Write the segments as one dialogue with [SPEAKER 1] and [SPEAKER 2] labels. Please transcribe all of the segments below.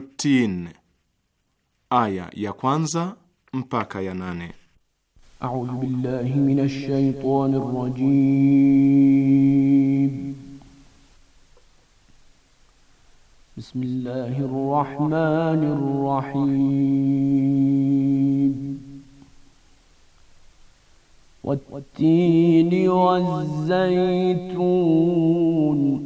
[SPEAKER 1] Tin, aya ya kwanza mpaka ya nane.
[SPEAKER 2] A'udhu billahi minash shaitani rajim. Bismillahir rahmanir rahim. Wat-tini waz-zaytun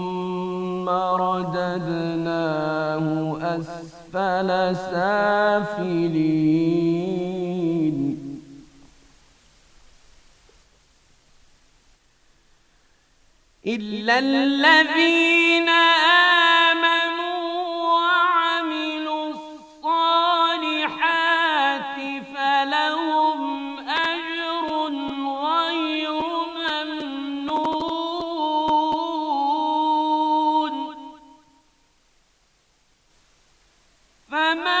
[SPEAKER 2] رددناه أسفل سافلين إلا الذين آمنوا فما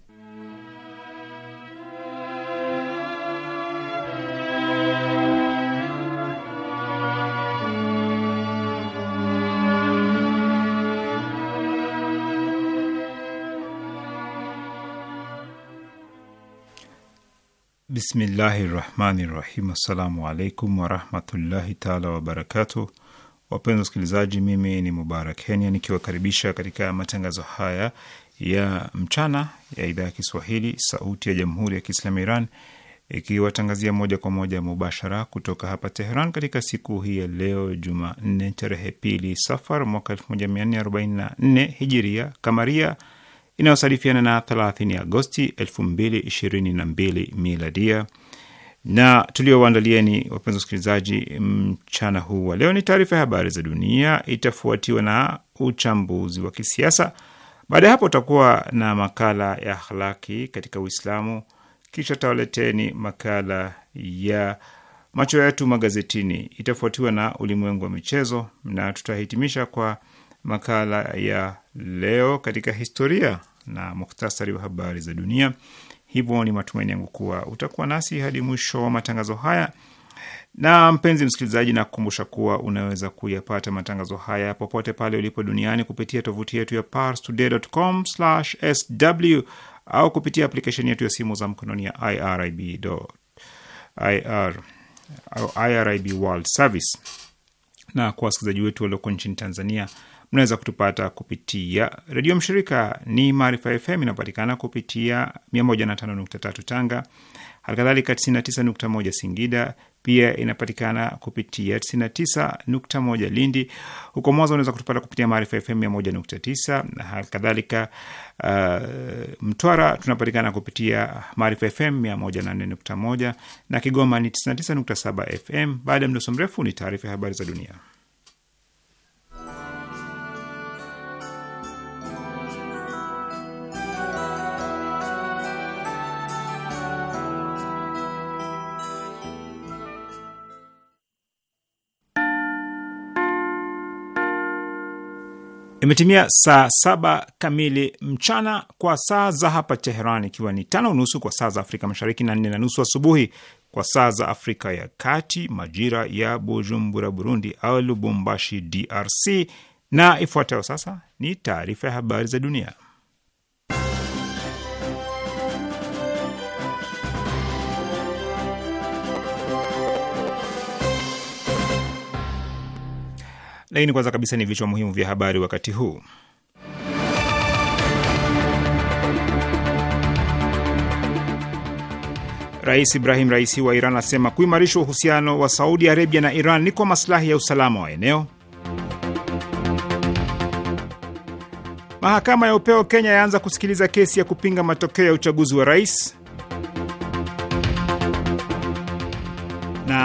[SPEAKER 3] Bismillahi rahmani rahim. Assalamu alaikum warahmatullahi taala wabarakatu Wapenzi wasikilizaji, mimi ni Mubarak Kenya nikiwakaribisha katika matangazo haya ya mchana ya idhaa ya Kiswahili sauti ya jamhuri ya Kiislamu Iran ikiwatangazia moja kwa moja mubashara kutoka hapa Teheran katika siku hii ya leo Jumanne tarehe pili Safar mwaka 1444 hijiria kamaria inayosalifiana na 30 Agosti 2022 miladia. Na tuliowaandalieni, wapenzi wasikilizaji, mchana huu wa leo ni taarifa ya habari za dunia, itafuatiwa na uchambuzi wa kisiasa. Baada ya hapo, utakuwa na makala ya akhlaki katika Uislamu, kisha tawaleteni makala ya macho yetu magazetini, itafuatiwa na ulimwengu wa michezo na tutahitimisha kwa makala ya leo katika historia na muhtasari wa habari za dunia. Hivyo ni matumaini yangu kuwa utakuwa nasi hadi mwisho wa matangazo haya. Na mpenzi msikilizaji, nakukumbusha kuwa unaweza kuyapata matangazo haya popote pale ulipo duniani kupitia tovuti yetu ya parstoday.com/sw au kupitia aplikesheni yetu ya simu za mkononi ya IRIB IR, au IRIB World Service. Na kwa wasikilizaji wetu walioko nchini Tanzania Mnaweza kutupata kupitia redio mshirika ni Maarifa FM, inapatikana kupitia 105.3 Tanga, halikadhalika 99.1 Singida, pia inapatikana kupitia 99.1 Lindi. Huko Mwanza unaweza kutupata kupitia Maarifa FM 101.9. Halikadhalika uh, Mtwara tunapatikana kupitia Maarifa FM 104.1 na Kigoma ni 99.7 FM. Baada ya mdoso mrefu ni taarifa ya habari za dunia. Imetimia saa saba kamili mchana kwa saa za hapa Teheran, ikiwa ni tano nusu kwa saa za Afrika Mashariki na nne na nusu asubuhi kwa saa za Afrika ya Kati, majira ya Bujumbura Burundi au Lubumbashi DRC. Na ifuatayo sasa ni taarifa ya habari za dunia. Lakini kwanza kabisa ni vichwa muhimu vya habari wakati huu. Rais Ibrahim Raisi wa Iran asema kuimarishwa uhusiano wa Saudi Arabia na Iran ni kwa masilahi ya usalama wa eneo. Mahakama ya upeo Kenya yaanza kusikiliza kesi ya kupinga matokeo ya uchaguzi wa rais.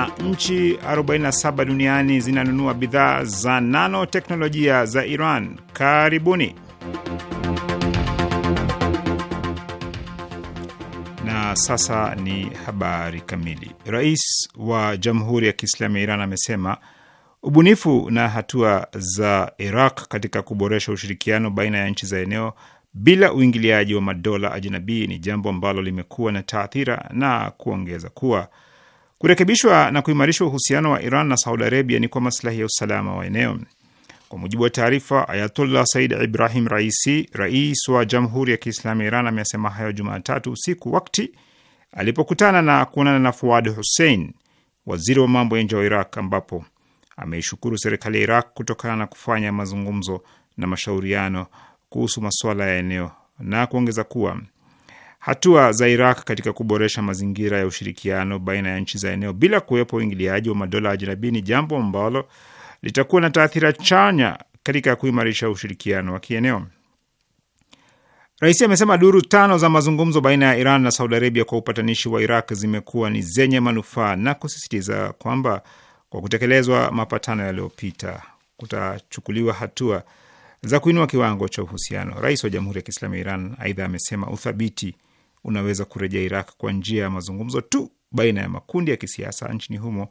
[SPEAKER 3] nchi 47 duniani zinanunua bidhaa za nanoteknolojia za Iran. Karibuni. Na sasa ni habari kamili. Rais wa Jamhuri ya Kiislamu ya Iran amesema ubunifu na hatua za Iraq katika kuboresha ushirikiano baina ya nchi za eneo bila uingiliaji wa madola ajinabii ni jambo ambalo limekuwa na taathira na kuongeza kuwa Kurekebishwa na kuimarisha uhusiano wa Iran na Saudi Arabia ni kwa maslahi ya usalama wa eneo. Kwa mujibu wa taarifa, Ayatullah Said Ibrahim Raisi, rais wa Jamhuri ya Kiislamu ya Iran, amesema hayo Jumatatu usiku wakti alipokutana na kuonana na Fuad Hussein, waziri wa mambo ya nje wa Iraq, ambapo ameishukuru serikali ya Iraq kutokana na kufanya mazungumzo na mashauriano kuhusu masuala ya eneo na kuongeza kuwa hatua za Iraq katika kuboresha mazingira ya ushirikiano baina ya nchi za eneo bila kuwepo uingiliaji wa madola ajnabi ni jambo ambalo litakuwa na taathira chanya katika kuimarisha ushirikiano wa kieneo. Rais amesema duru tano za mazungumzo baina ya Iran na Saudi Arabia kwa upatanishi wa Iraq zimekuwa ni zenye manufaa na kusisitiza kwamba kwa kutekelezwa mapatano yaliyopita kutachukuliwa hatua za kuinua kiwango cha uhusiano. Rais wa Jamhuri ya Kiislamu ya Iran aidha amesema uthabiti unaweza kurejea Iraq kwa njia ya mazungumzo tu baina ya makundi ya kisiasa nchini humo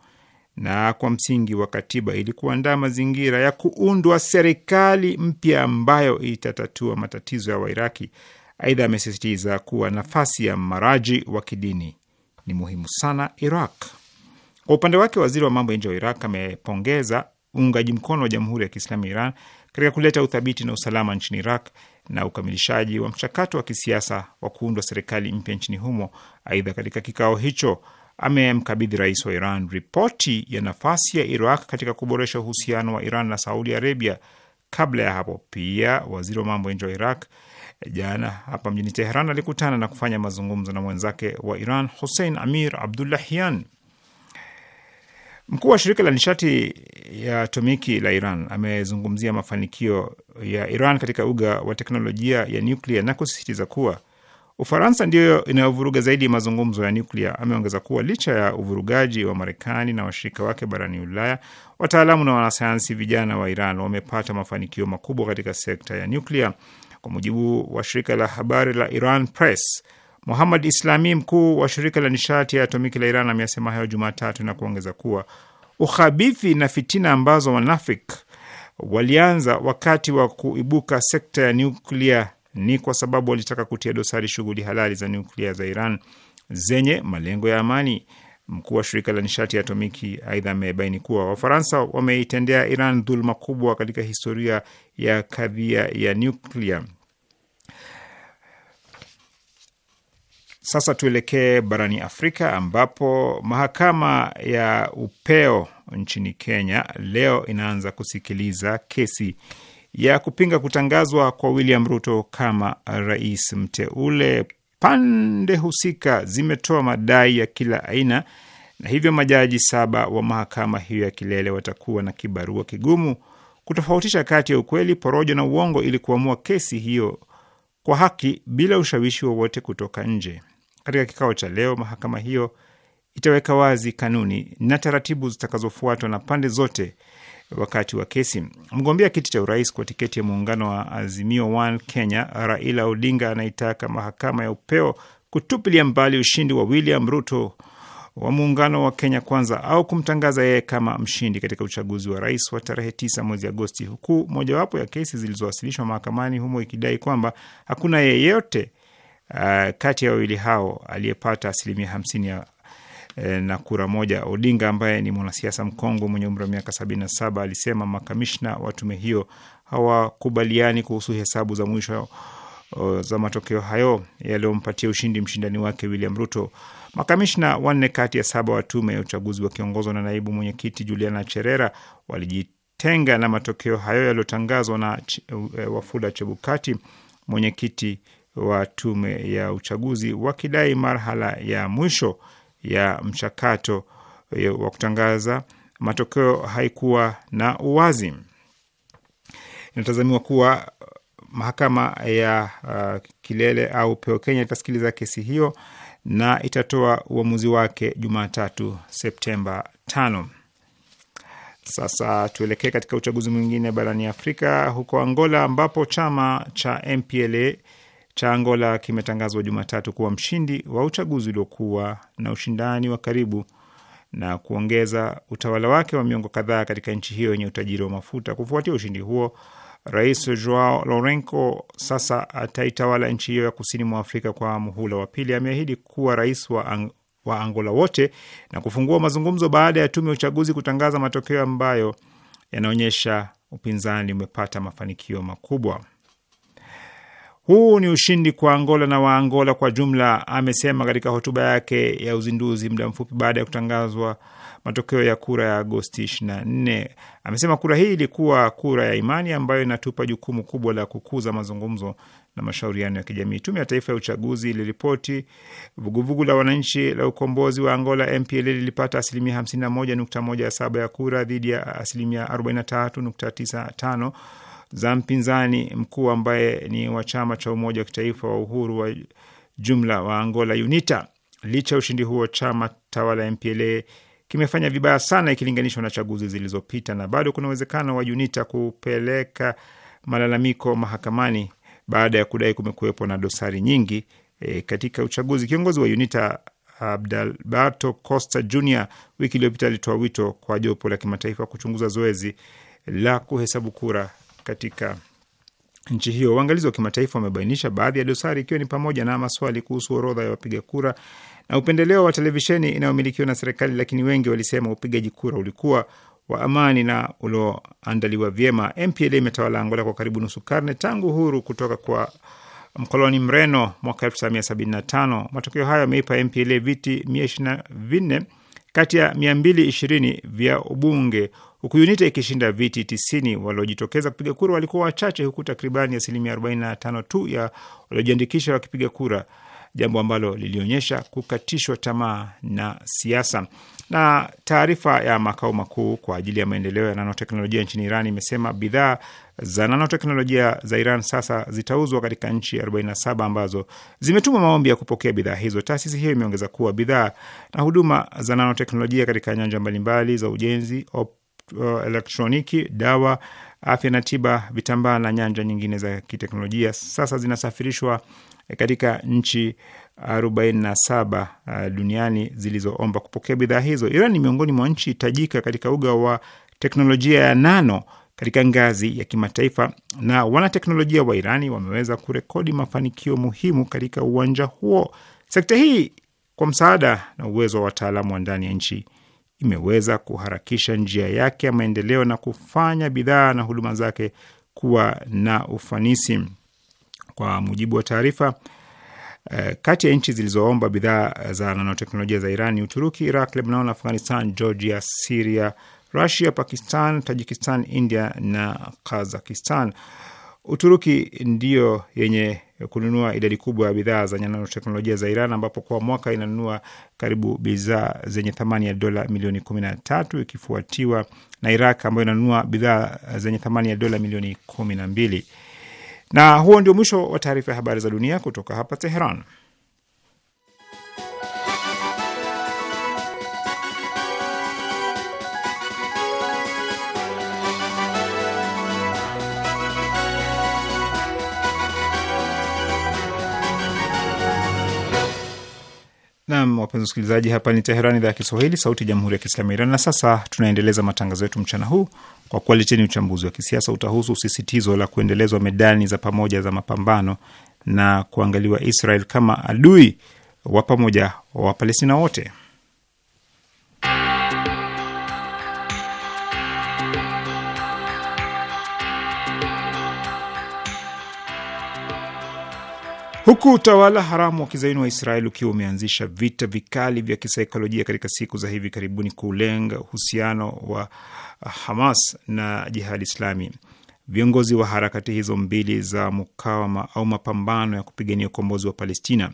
[SPEAKER 3] na kwa msingi wa katiba ili kuandaa mazingira ya kuundwa serikali mpya ambayo itatatua matatizo ya Wairaki. Aidha, amesisitiza kuwa nafasi ya maraji wa kidini ni muhimu sana Iraq. Kwa upande wake, waziri wa mambo ya nje wa Iraq amepongeza uungaji mkono wa Jamhuri ya Kiislamu ya Iran katika kuleta uthabiti na usalama nchini Iraq na ukamilishaji wa mchakato wa kisiasa wa kuundwa serikali mpya nchini humo. Aidha, katika kikao hicho amemkabidhi rais wa Iran ripoti ya nafasi ya Iraq katika kuboresha uhusiano wa Iran na Saudi Arabia. Kabla ya hapo pia, waziri wa mambo ya nje wa Iraq jana hapa mjini Teheran alikutana na kufanya mazungumzo na mwenzake wa Iran Hussein Amir Abdullahian. Mkuu wa shirika la nishati ya tumiki la Iran amezungumzia mafanikio ya Iran katika uga wa teknolojia ya nuklia na kusisitiza kuwa Ufaransa ndiyo inayovuruga zaidi mazungumzo ya nuklia. Ameongeza kuwa licha ya uvurugaji wa Marekani na washirika wake barani Ulaya, wataalamu na wanasayansi vijana wa Iran wamepata mafanikio makubwa katika sekta ya nuklia. Kwa mujibu wa shirika la habari la Iran Press, Muhamad Islami, mkuu wa shirika la nishati ya atomiki la Iran, amesema hayo Jumatatu na kuongeza kuwa uhabithi na fitina ambazo wanafik walianza wakati wa kuibuka sekta ya nuklia ni kwa sababu walitaka kutia dosari shughuli halali za nuklia za Iran zenye malengo ya amani. Mkuu wa shirika la nishati ya atomiki aidha amebaini kuwa Wafaransa wameitendea Iran dhuluma kubwa katika historia ya kadhia ya nuklia. Sasa tuelekee barani Afrika ambapo mahakama ya upeo nchini Kenya leo inaanza kusikiliza kesi ya kupinga kutangazwa kwa William Ruto kama rais mteule. Pande husika zimetoa madai ya kila aina na hivyo majaji saba wa mahakama hiyo ya kilele watakuwa na kibarua kigumu kutofautisha kati ya ukweli, porojo na uongo ili kuamua kesi hiyo kwa haki bila ushawishi wowote kutoka nje. Katika kikao cha leo, mahakama hiyo itaweka wazi kanuni na taratibu zitakazofuatwa na pande zote wakati wa kesi. Mgombea kiti cha urais kwa tiketi ya muungano wa Azimio One Kenya, Raila Odinga anaitaka mahakama ya upeo kutupilia mbali ushindi wa William Ruto wa muungano wa Kenya Kwanza au kumtangaza yeye kama mshindi katika uchaguzi wa rais wa tarehe 9 mwezi Agosti, huku mojawapo ya kesi zilizowasilishwa mahakamani humo ikidai kwamba hakuna yeyote uh, kati ya wawili hao aliyepata asilimia hamsini ya eh, na kura moja. Odinga ambaye ni mwanasiasa mkongwe mwenye umri wa miaka 77 alisema makamishna wa tume hiyo hawakubaliani kuhusu hesabu za mwisho za matokeo hayo yaliyompatia ushindi mshindani wake William Ruto. Makamishna wanne kati ya saba wa tume ya uchaguzi wakiongozwa na naibu mwenyekiti Juliana Cherera walijitenga na matokeo hayo yaliyotangazwa na eh, Wafula Chebukati, mwenyekiti wa tume ya uchaguzi wakidai marhala ya mwisho ya mchakato eh, wa kutangaza matokeo haikuwa na uwazi. Inatazamiwa kuwa eh, mahakama ya uh, kilele au peo Kenya itasikiliza kesi hiyo na itatoa uamuzi wake Jumatatu Septemba tano. Sasa tuelekee katika uchaguzi mwingine barani Afrika, huko Angola ambapo chama cha MPLA cha Angola kimetangazwa Jumatatu kuwa mshindi wa uchaguzi uliokuwa na ushindani wa karibu na kuongeza utawala wake wa miongo kadhaa katika nchi hiyo yenye utajiri wa mafuta. Kufuatia ushindi huo, Rais Joao Lourenco sasa ataitawala nchi hiyo ya kusini mwa Afrika kwa muhula wa pili. Ameahidi kuwa rais wa, ang wa Angola wote na kufungua mazungumzo baada ya tume ya uchaguzi kutangaza matokeo ambayo yanaonyesha upinzani umepata mafanikio makubwa. Huu ni ushindi kwa Angola na Waangola kwa jumla, amesema katika hotuba yake ya uzinduzi muda mfupi baada ya kutangazwa matokeo ya kura ya Agosti 24. Amesema kura hii ilikuwa kura ya imani ambayo inatupa jukumu kubwa la kukuza mazungumzo na mashauriano ya kijamii. Tume ya Taifa ya Uchaguzi iliripoti vuguvugu la wananchi la ukombozi wa Angola, MPLA, lilipata asilimia 51.17 ya kura dhidi ya asilimia 43.95 za mpinzani mkuu ambaye ni wa chama cha umoja wa kitaifa wa uhuru wa jumla wa Angola, UNITA. Licha ya ushindi huo, chama tawala MPLA kimefanya vibaya sana ikilinganishwa na chaguzi zilizopita, na bado kuna uwezekano wa UNITA kupeleka malalamiko mahakamani baada ya kudai kumekuwepo na dosari nyingi e, katika uchaguzi. Kiongozi wa UNITA Adalberto Costa Jr wiki iliyopita alitoa wito kwa jopo la kimataifa kuchunguza zoezi la kuhesabu kura katika nchi hiyo. uangalizi wa kimataifa wamebainisha baadhi ya dosari, ikiwa ni pamoja na maswali kuhusu orodha ya wapiga kura na upendeleo wa televisheni inayomilikiwa na serikali, lakini wengi walisema upigaji kura ulikuwa wa amani na ulioandaliwa vyema. MPLA imetawala Angola kwa karibu nusu karne tangu huru kutoka kwa mkoloni Mreno mwaka 1975. Matokeo hayo yameipa MPLA viti 124 kati ya 220 vya ubunge huku UNITA ikishinda viti tisini. Waliojitokeza kupiga kura walikuwa wachache, huku takribani asilimia 45 tu ya waliojiandikisha wakipiga kura, jambo ambalo lilionyesha kukatishwa tamaa na siasa. Na taarifa ya makao makuu kwa ajili ya maendeleo ya nanoteknolojia nchini Iran imesema bidhaa za nanoteknolojia za Iran sasa zitauzwa katika nchi 47 ambazo zimetuma maombi ya kupokea bidhaa hizo. Taasisi hiyo imeongeza kuwa bidhaa na huduma za nanoteknolojia katika nyanja mbalimbali za ujenzi op Uh, elektroniki, dawa, afya na tiba, vitambaa na nyanja nyingine za kiteknolojia sasa zinasafirishwa katika nchi 47 uh, duniani zilizoomba kupokea bidhaa hizo. Iran ni miongoni mwa nchi tajika katika uga wa teknolojia ya nano katika ngazi ya kimataifa, na wanateknolojia wa Irani wameweza kurekodi mafanikio muhimu katika uwanja huo. Sekta hii kwa msaada na uwezo wa wataalamu wa ndani ya nchi imeweza kuharakisha njia yake ya maendeleo na kufanya bidhaa na huduma zake kuwa na ufanisi. Kwa mujibu wa taarifa, eh, kati ya nchi zilizoomba bidhaa za nanoteknolojia za Iran ni Uturuki, Iraq, Lebanon, Afghanistan, Georgia, Siria, Russia, Pakistan, Tajikistan, India na Kazakistan. Uturuki ndiyo yenye Eh, kununua idadi kubwa ya bidhaa za nanoteknolojia za Iran, ambapo kwa mwaka inanunua karibu bidhaa zenye thamani ya dola milioni kumi na tatu ikifuatiwa na Iraq ambayo inanunua bidhaa zenye thamani ya dola milioni kumi na mbili. Na huo ndio mwisho wa taarifa ya habari za dunia kutoka hapa Teheran. Nam, wapenzi wasikilizaji, hapa ni Teherani, idhaa ya Kiswahili, sauti ya jamhuri ya kiislamu ya Iran. Na sasa tunaendeleza matangazo yetu mchana huu kwa kualeteni uchambuzi wa kisiasa. Utahusu sisitizo la kuendelezwa medani za pamoja za mapambano na kuangaliwa Israel kama adui wa pamoja wa Wapalestina wote. huku utawala haramu wa kizaini wa Israeli ukiwa umeanzisha vita vikali vya kisaikolojia katika siku za hivi karibuni kulenga uhusiano wa Hamas na Jihadi Islami. Viongozi wa harakati hizo mbili za mukawama au mapambano ya kupigania ukombozi wa Palestina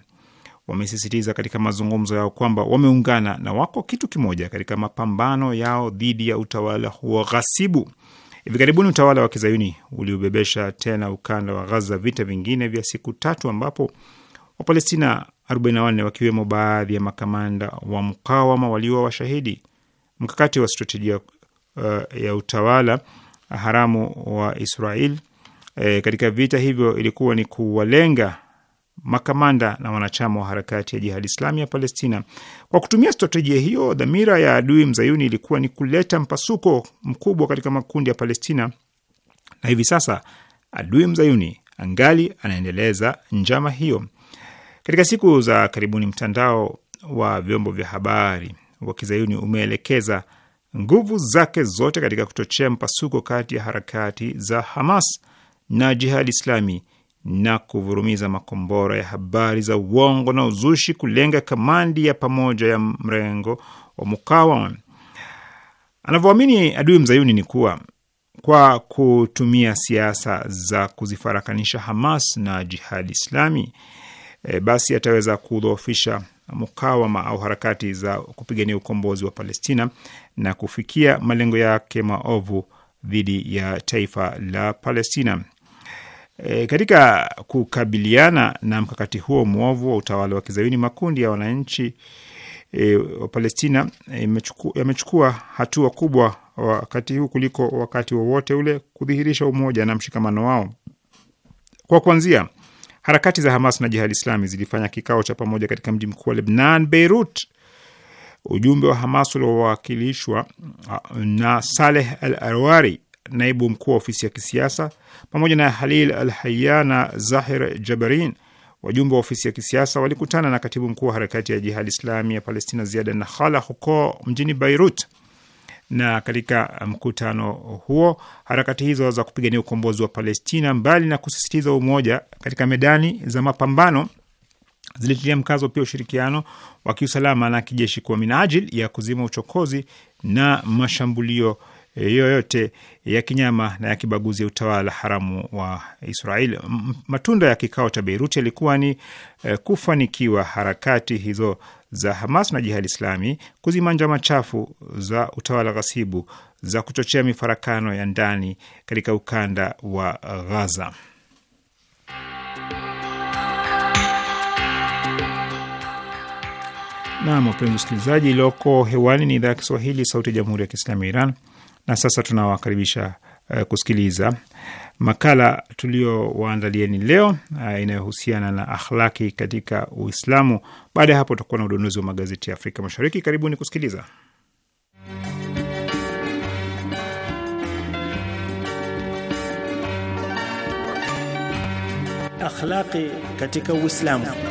[SPEAKER 3] wamesisitiza katika mazungumzo yao kwamba wameungana na wako kitu kimoja katika mapambano yao dhidi ya utawala huo ghasibu. Hivi karibuni utawala wa kizayuni uliobebesha tena ukanda wa Ghaza vita vingine vya siku tatu ambapo Wapalestina 44 wakiwemo baadhi ya makamanda wa mkawama walio washahidi. Mkakati wa strategia uh, ya utawala haramu wa Israel eh, katika vita hivyo ilikuwa ni kuwalenga makamanda na wanachama wa harakati ya Jihadi Islami ya Palestina. Kwa kutumia strategia hiyo, dhamira ya adui mzayuni ilikuwa ni kuleta mpasuko mkubwa katika makundi ya Palestina, na hivi sasa adui mzayuni angali anaendeleza njama hiyo. Katika siku za karibuni, mtandao wa vyombo vya habari wa kizayuni umeelekeza nguvu zake zote katika kuchochea mpasuko kati ya harakati za Hamas na Jihadi Islami na kuvurumiza makombora ya habari za uongo na uzushi kulenga kamandi ya pamoja ya mrengo wa mukawama. Anavyoamini adui mzayuni ni kuwa kwa kutumia siasa za kuzifarakanisha Hamas na Jihadi Islami, e, basi ataweza kudhoofisha mukawama au harakati za kupigania ukombozi wa Palestina na kufikia malengo yake maovu dhidi ya taifa la Palestina. E, katika kukabiliana na mkakati huo mwovu wa utawala wa kizayuni makundi ya wananchi e, wa Palestina e, yamechukua hatua kubwa wakati huu kuliko wakati wowote wa ule kudhihirisha umoja na mshikamano wao. Kwa kuanzia, harakati za Hamas na Jihadi Islami zilifanya kikao cha pamoja katika mji mkuu wa Lebnan, Beirut. Ujumbe wa Hamas uliowakilishwa na Saleh Al Arwari naibu mkuu wa ofisi ya kisiasa, pamoja na Halil Al Haya na Zahir Jabarin, wajumbe wa ofisi ya kisiasa, walikutana na katibu mkuu wa harakati ya Jihad Islami ya Palestina Ziada nahala huko mjini Beirut na katika mkutano huo harakati hizo za kupigania ukombozi wa Palestina, mbali na kusisitiza umoja katika medani za mapambano, zilitilia mkazo pia ushirikiano wa kiusalama na kijeshi kwa minajili ya kuzima uchokozi na mashambulio Eh, yoyote ya kinyama na ya kibaguzi ya utawala haramu wa Israeli. Matunda ya kikao cha Beiruti yalikuwa ni eh, kufanikiwa harakati hizo za Hamas na Jihadi Islami kuzima njama chafu za utawala ghasibu za kuchochea mifarakano ya ndani katika ukanda wa Ghaza. Nam, wapenzi usikilizaji, iliyoko hewani ni idhaa ya Kiswahili, sauti ya jamhuri ya kiislamu ya Iran. Na sasa tunawakaribisha uh, kusikiliza makala tuliyowaandalieni leo uh, inayohusiana na akhlaki katika Uislamu. Baada ya hapo, tutakuwa na udondozi wa magazeti ya Afrika Mashariki. Karibuni kusikiliza.
[SPEAKER 4] Akhlaqi katika Uislamu.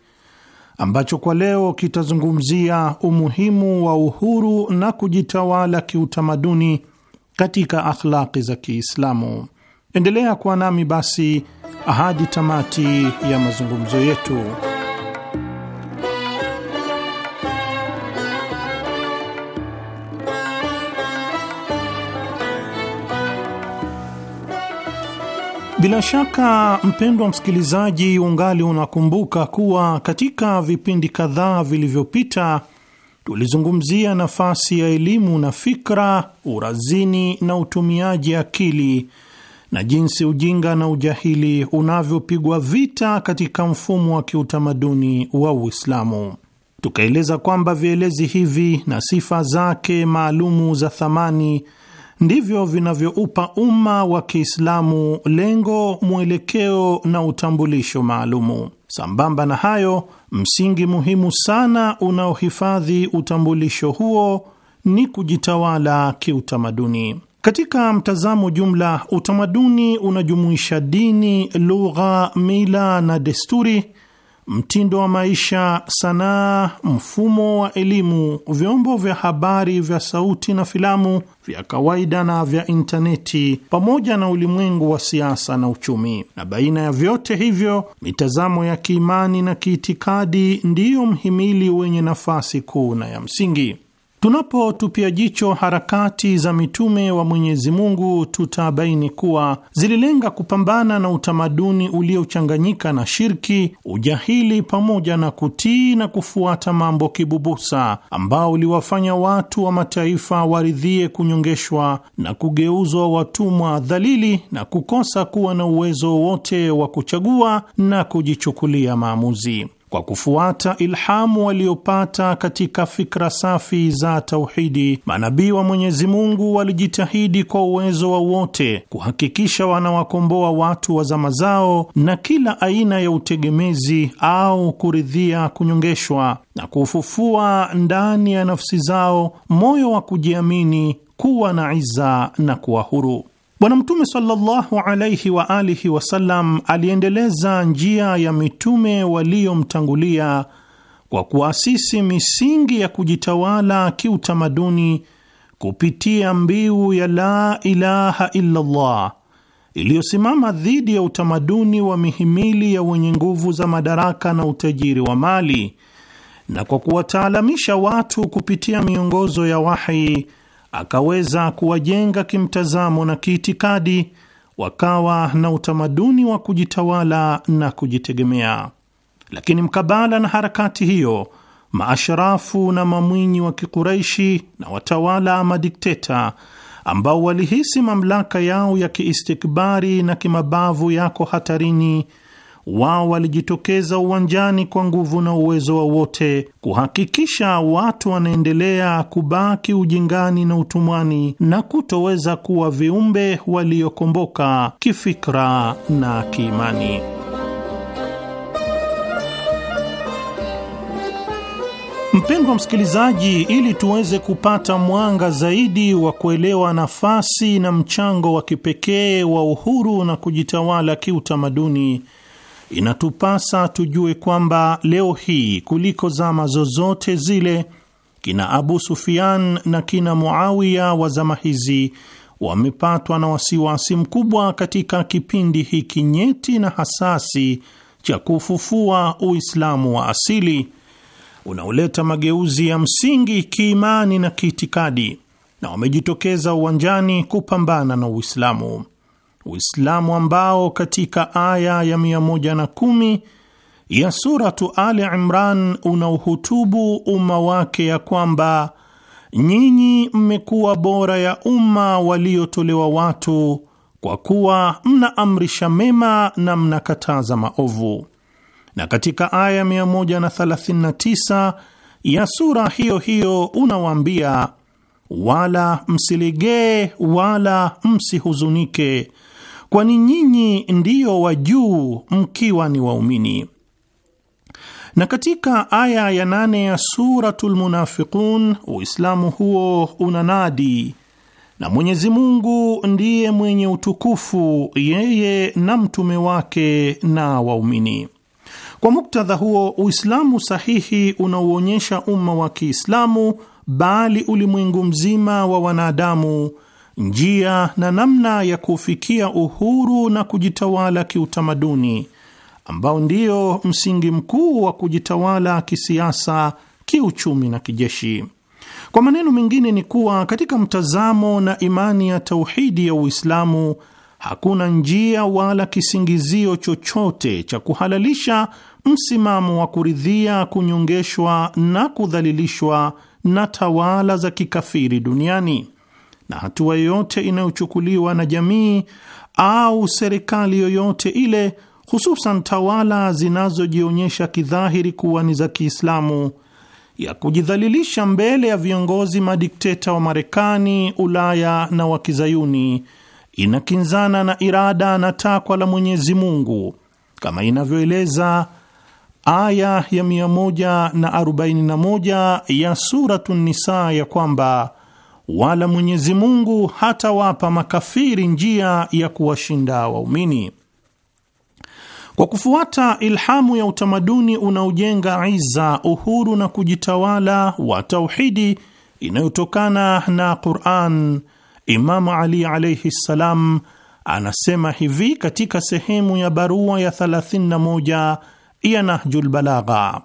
[SPEAKER 5] ambacho kwa leo kitazungumzia umuhimu wa uhuru na kujitawala kiutamaduni katika akhlaqi za Kiislamu. Endelea kuwa nami basi hadi tamati ya mazungumzo yetu. Bila shaka mpendwa msikilizaji, ungali unakumbuka kuwa katika vipindi kadhaa vilivyopita tulizungumzia nafasi ya elimu na fikra, urazini na utumiaji akili na jinsi ujinga na ujahili unavyopigwa vita katika mfumo wa kiutamaduni wa Uislamu. Tukaeleza kwamba vielezi hivi na sifa zake maalumu za thamani ndivyo vinavyoupa umma wa Kiislamu lengo, mwelekeo na utambulisho maalumu. Sambamba na hayo, msingi muhimu sana unaohifadhi utambulisho huo ni kujitawala kiutamaduni. Katika mtazamo jumla, utamaduni unajumuisha dini, lugha, mila na desturi mtindo wa maisha, sanaa, mfumo wa elimu, vyombo vya habari vya sauti na filamu, vya kawaida na vya intaneti, pamoja na ulimwengu wa siasa na uchumi. Na baina ya vyote hivyo, mitazamo ya kiimani na kiitikadi ndiyo mhimili wenye nafasi kuu na ya msingi. Tunapotupia jicho harakati za mitume wa Mwenyezi Mungu tutabaini kuwa zililenga kupambana na utamaduni uliochanganyika na shirki, ujahili, pamoja na kutii na kufuata mambo kibubusa, ambao uliwafanya watu wa mataifa waridhie kunyongeshwa na kugeuzwa watumwa dhalili na kukosa kuwa na uwezo wote wa kuchagua na kujichukulia maamuzi. Kwa kufuata ilhamu waliopata katika fikra safi za tauhidi, manabii wa Mwenyezi Mungu walijitahidi kwa uwezo wa wote kuhakikisha wanawakomboa watu wa zama zao na kila aina ya utegemezi au kuridhia kunyongeshwa na kufufua ndani ya nafsi zao moyo wa kujiamini, kuwa na iza na kuwa huru. Bwana Mtume sallallahu alaihi wa alihi wasallam aliendeleza njia ya mitume waliomtangulia kwa kuasisi misingi ya kujitawala kiutamaduni kupitia mbiu ya la ilaha illallah iliyosimama dhidi ya utamaduni wa mihimili ya wenye nguvu za madaraka na utajiri wa mali na kwa kuwataalamisha watu kupitia miongozo ya wahi akaweza kuwajenga kimtazamo na kiitikadi, wakawa na utamaduni wa kujitawala na kujitegemea. Lakini mkabala na harakati hiyo, maasharafu na mamwinyi wa Kikuraishi na watawala madikteta ambao walihisi mamlaka yao ya kiistikbari na kimabavu yako hatarini wao walijitokeza uwanjani kwa nguvu na uwezo wa wote kuhakikisha watu wanaendelea kubaki ujingani na utumwani na kutoweza kuwa viumbe waliokomboka kifikra na kiimani. Mpendwa msikilizaji, ili tuweze kupata mwanga zaidi wa kuelewa nafasi na mchango wa kipekee wa uhuru na kujitawala kiutamaduni inatupasa tujue kwamba leo hii kuliko zama zozote zile kina Abu Sufyan na kina Muawiya wa zama hizi wamepatwa na wasiwasi mkubwa katika kipindi hiki nyeti na hasasi cha kufufua Uislamu wa asili unaoleta mageuzi ya msingi kiimani na kiitikadi, na wamejitokeza uwanjani kupambana na Uislamu. Uislamu ambao katika aya ya 110 ya Suratu Ali Imran unauhutubu umma wake ya kwamba nyinyi mmekuwa bora ya umma waliotolewa watu kwa kuwa mnaamrisha mema na mnakataza maovu. Na katika aya 139 ya sura hiyo hiyo unawaambia, wala msilegee wala msihuzunike kwani nyinyi ndiyo wa juu mkiwa ni waumini. Na katika aya ya nane ya Suratul Munafiqun, Uislamu huo unanadi na Mwenyezi Mungu ndiye mwenye utukufu, yeye na mtume wake na waumini. Kwa muktadha huo, Uislamu sahihi unauonyesha umma wa Kiislamu, bali ulimwengu mzima wa wanadamu njia na namna ya kufikia uhuru na kujitawala kiutamaduni ambao ndio msingi mkuu wa kujitawala kisiasa, kiuchumi na kijeshi. Kwa maneno mengine ni kuwa katika mtazamo na imani ya tauhidi ya Uislamu hakuna njia wala kisingizio chochote cha kuhalalisha msimamo wa kuridhia kunyongeshwa na kudhalilishwa na tawala za kikafiri duniani na hatua yoyote inayochukuliwa na jamii au serikali yoyote ile, hususan tawala zinazojionyesha kidhahiri kuwa ni za Kiislamu, ya kujidhalilisha mbele ya viongozi madikteta wa Marekani, Ulaya na wakizayuni inakinzana na irada na takwa la Mwenyezi Mungu kama inavyoeleza aya ya 141 ya Suratu Nisaa ya kwamba wala Mwenyezi Mungu hatawapa makafiri njia ya kuwashinda waumini. Kwa kufuata ilhamu ya utamaduni unaojenga iza, uhuru na kujitawala wa tauhidi inayotokana na Quran, Imamu Ali alaihi ssalam anasema hivi katika sehemu ya barua ya 31 ya Nahjul Balagha: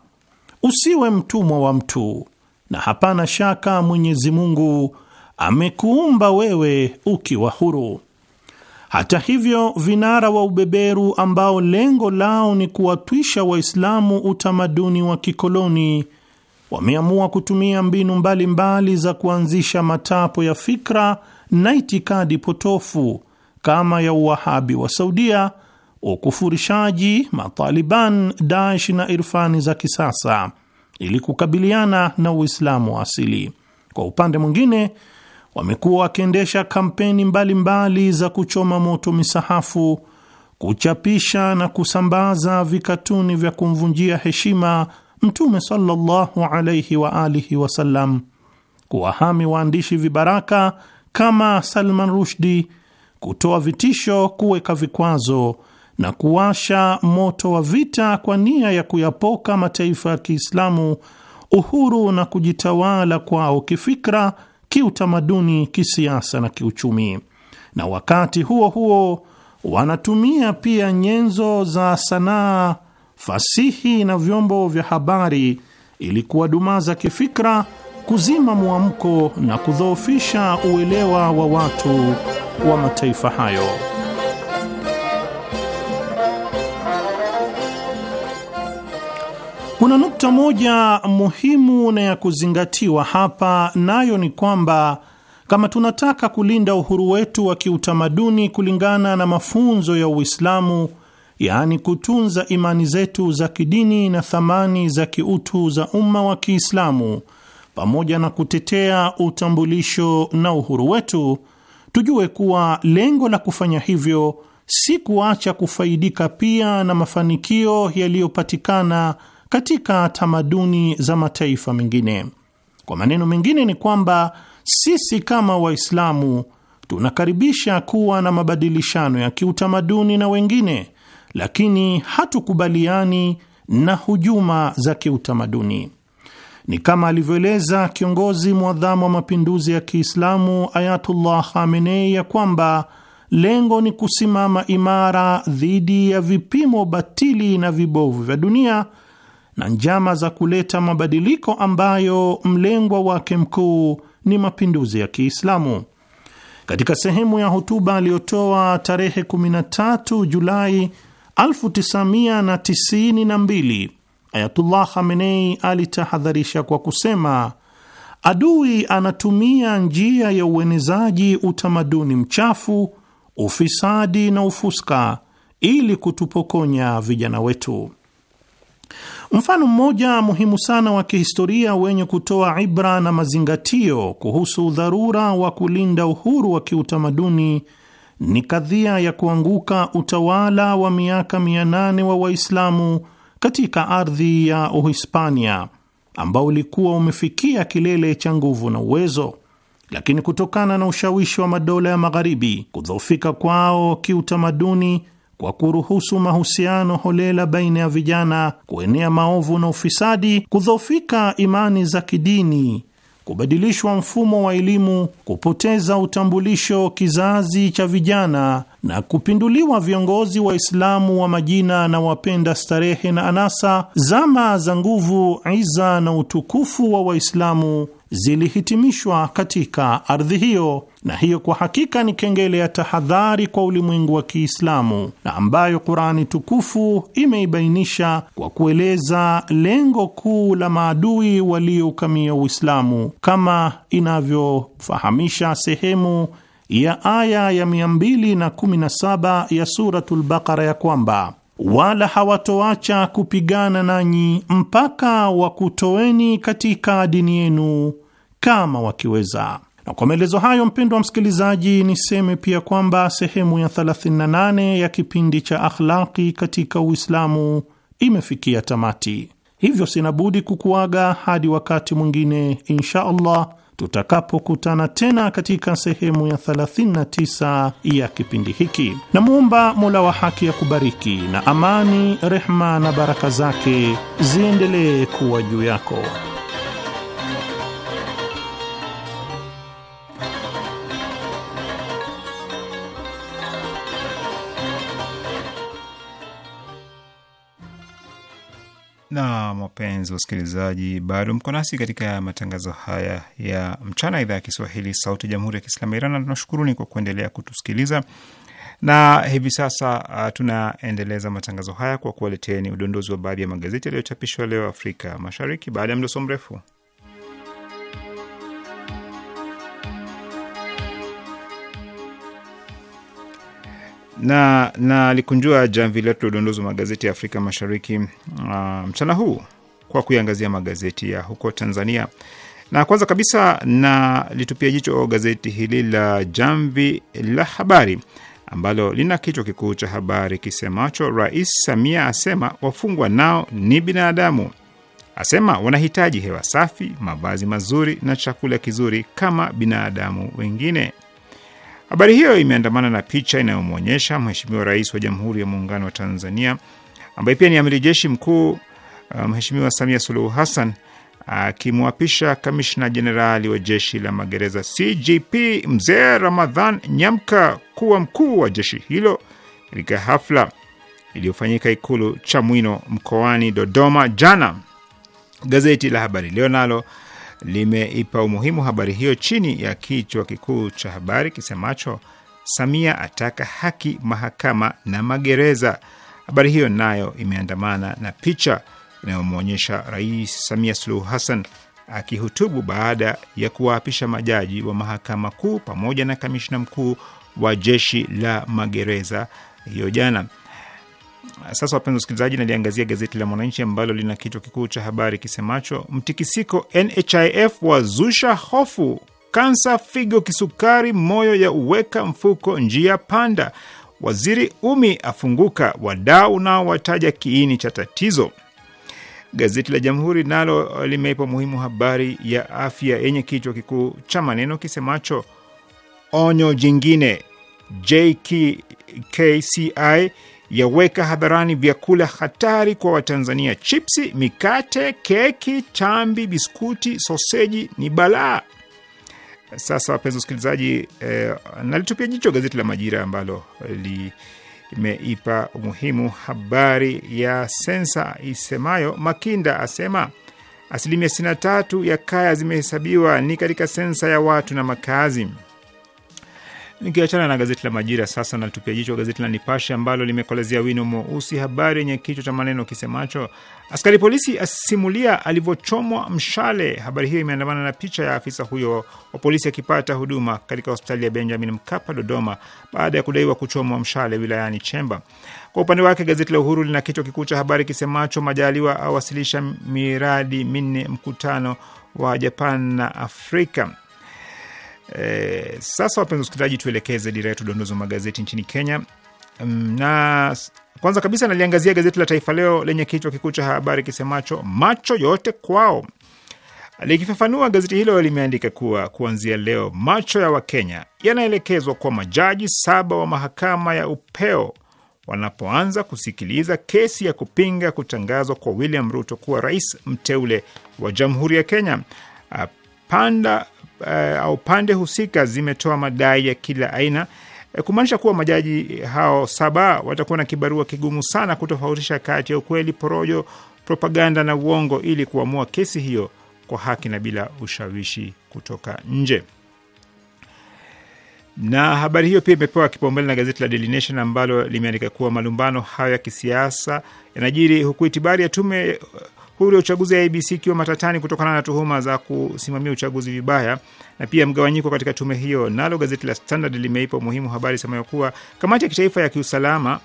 [SPEAKER 5] usiwe mtumwa wa mtu, na hapana shaka Mwenyezi Mungu amekuumba wewe ukiwa huru. Hata hivyo, vinara wa ubeberu ambao lengo lao ni kuwatwisha Waislamu utamaduni wa kikoloni wameamua kutumia mbinu mbalimbali mbali za kuanzisha matapo ya fikra na itikadi potofu kama ya Uwahabi wa Saudia, ukufurishaji, Mataliban, Daesh na irfani za kisasa ili kukabiliana na Uislamu wa asili. Kwa upande mwingine wamekuwa wakiendesha kampeni mbalimbali mbali za kuchoma moto misahafu, kuchapisha na kusambaza vikatuni vya kumvunjia heshima Mtume sallallahu alaihi wa alihi wasallam, kuwahami waandishi vibaraka kama Salman Rushdi, kutoa vitisho, kuweka vikwazo na kuwasha moto wa vita kwa nia ya kuyapoka mataifa ya Kiislamu uhuru na kujitawala kwao kifikra kiutamaduni, kisiasa na kiuchumi, na wakati huo huo wanatumia pia nyenzo za sanaa, fasihi na vyombo vya habari ili kuwadumaza kifikra, kuzima mwamko na kudhoofisha uelewa wa watu wa mataifa hayo. Kuna nukta moja muhimu na ya kuzingatiwa hapa, nayo ni kwamba kama tunataka kulinda uhuru wetu wa kiutamaduni kulingana na mafunzo ya Uislamu, yaani kutunza imani zetu za kidini na thamani za kiutu za umma wa Kiislamu, pamoja na kutetea utambulisho na uhuru wetu, tujue kuwa lengo la kufanya hivyo si kuacha kufaidika pia na mafanikio yaliyopatikana katika tamaduni za mataifa mengine. Kwa maneno mengine, ni kwamba sisi kama Waislamu tunakaribisha kuwa na mabadilishano ya kiutamaduni na wengine, lakini hatukubaliani na hujuma za kiutamaduni. Ni kama alivyoeleza kiongozi mwadhamu wa mapinduzi ya Kiislamu Ayatullah Khamenei ya kwamba lengo ni kusimama imara dhidi ya vipimo batili na vibovu vya dunia na njama za kuleta mabadiliko ambayo mlengwa wake mkuu ni mapinduzi ya Kiislamu. Katika sehemu ya hotuba aliyotoa tarehe 13 Julai 1992 Ayatullah Khamenei alitahadharisha kwa kusema, adui anatumia njia ya uenezaji utamaduni mchafu, ufisadi na ufuska ili kutupokonya vijana wetu. Mfano mmoja muhimu sana wa kihistoria wenye kutoa ibra na mazingatio kuhusu dharura wa kulinda uhuru wa kiutamaduni ni kadhia ya kuanguka utawala wa miaka mia nane wa Waislamu katika ardhi ya Uhispania ambao ulikuwa umefikia kilele cha nguvu na uwezo, lakini kutokana na ushawishi wa madola ya Magharibi, kudhoofika kwao kiutamaduni kwa kuruhusu mahusiano holela baina ya vijana, kuenea maovu na ufisadi, kudhoofika imani za kidini, kubadilishwa mfumo wa elimu, kupoteza utambulisho kizazi cha vijana na kupinduliwa viongozi Waislamu wa majina na wapenda starehe na anasa. Zama za nguvu, iza na utukufu wa Waislamu zilihitimishwa katika ardhi hiyo, na hiyo kwa hakika ni kengele ya tahadhari kwa ulimwengu wa Kiislamu na ambayo qurani tukufu imeibainisha kwa kueleza lengo kuu la maadui waliokamia Uislamu kama inavyofahamisha sehemu ya aya ya 217 ya Suratul Baqara ya kwamba wala hawatoacha kupigana nanyi mpaka wakutoeni katika dini yenu kama wakiweza. Na kwa maelezo hayo, mpendo wa msikilizaji, niseme pia kwamba sehemu ya 38 ya kipindi cha Akhlaqi katika Uislamu imefikia tamati, hivyo sinabudi kukuaga hadi wakati mwingine insha Allah tutakapokutana tena katika sehemu ya 39 ya kipindi hiki. Namwomba Mola wa haki ya kubariki na amani, rehma na baraka zake ziendelee kuwa juu yako.
[SPEAKER 3] na wapenzi wasikilizaji, bado mko nasi katika matangazo haya ya mchana, idhaa ya Kiswahili sauti ya jamhuri ya kiislamu ya Iran, na tunashukuruni kwa kuendelea kutusikiliza na hivi sasa uh, tunaendeleza matangazo haya kwa kuwaleteni udondozi wa baadhi ya magazeti yaliyochapishwa leo Afrika Mashariki baada ya mdoso mrefu na nalikunjua jamvi letu la udondozi wa magazeti ya Afrika Mashariki uh, mchana huu kwa kuiangazia magazeti ya huko Tanzania, na kwanza kabisa na litupia jicho gazeti hili la Jamvi la Habari ambalo lina kichwa kikuu cha habari kisemacho Rais Samia asema wafungwa nao ni binadamu, asema wanahitaji hewa safi, mavazi mazuri na chakula kizuri kama binadamu wengine. Habari hiyo imeandamana na picha inayomwonyesha Mheshimiwa Rais wa Jamhuri ya Muungano wa Tanzania ambaye pia ni amiri jeshi mkuu uh, Mheshimiwa Samia Suluhu Hassan akimwapisha kamishna jenerali wa jeshi la magereza CGP Mzee Ramadhan Nyamka kuwa mkuu wa jeshi hilo katika hafla iliyofanyika Ikulu Chamwino mkoani Dodoma jana. Gazeti la Habari Leo nalo limeipa umuhimu habari hiyo chini ya kichwa kikuu cha habari kisemacho Samia ataka haki mahakama na magereza. Habari hiyo nayo imeandamana na picha inayomwonyesha Rais Samia Suluhu Hassan akihutubu baada ya kuwaapisha majaji wa mahakama kuu pamoja na kamishna mkuu wa jeshi la magereza hiyo jana. Sasa wapenzi wasikilizaji, naliangazia gazeti la Mwananchi ambalo lina kichwa kikuu cha habari kisemacho mtikisiko NHIF wazusha hofu, kansa, figo, kisukari, moyo ya uweka mfuko njia panda, waziri Umi afunguka, wadau nao wataja kiini cha tatizo. Gazeti la Jamhuri nalo limeipa umuhimu habari ya afya yenye kichwa kikuu cha maneno kisemacho onyo jingine JKCI yaweka hadharani vyakula hatari kwa Watanzania. Chipsi, mikate, keki, tambi, biskuti, soseji ni balaa. Sasa wapenzi wasikilizaji, eh, nalitupia jicho gazeti la Majira ambalo limeipa umuhimu habari ya sensa isemayo Makinda asema asilimia 63 ya kaya zimehesabiwa ni katika sensa ya watu na makazi. Nikiachana na gazeti la Majira sasa, natupia jicho gazeti la Nipashe ambalo limekolezea wino mweusi habari yenye kichwa cha maneno kisemacho askari polisi asimulia alivyochomwa mshale. Habari hiyo imeandamana na picha ya afisa huyo wa polisi akipata huduma katika hospitali ya Benjamin Mkapa Dodoma baada ya kudaiwa kuchomwa mshale wilayani Chemba. Kwa upande wake gazeti la Uhuru lina kichwa kikuu cha habari kisemacho Majaliwa awasilisha miradi minne mkutano wa Japan na Afrika. Eh, sasa wapenzi wasikilizaji, tuelekeze dira yetu dondozo magazeti nchini Kenya mm, na kwanza kabisa naliangazia gazeti la Taifa Leo lenye kichwa kikuu cha habari kisemacho macho yote kwao. Likifafanua, gazeti hilo limeandika kuwa kuanzia leo macho ya Wakenya yanaelekezwa kwa majaji saba wa mahakama ya upeo wanapoanza kusikiliza kesi ya kupinga kutangazwa kwa William Ruto kuwa rais mteule wa jamhuri ya Kenya. Panda uh, au pande husika zimetoa madai ya kila aina eh, kumaanisha kuwa majaji hao saba watakuwa na kibarua kigumu sana kutofautisha kati ya ukweli, porojo, propaganda na uongo ili kuamua kesi hiyo kwa haki na bila ushawishi kutoka nje. Na habari hiyo pia imepewa kipaumbele na gazeti la Daily Nation ambalo limeandika kuwa malumbano hayo ya kisiasa yanajiri huku itibari ya tume huru ya uchaguzi ya IBC ikiwa matatani kutokana na tuhuma za kusimamia uchaguzi vibaya na pia mgawanyiko katika tume hiyo. Nalo gazeti la Standard limeipa umuhimu habari semayo kuwa kamati ya kitaifa ya kiusalama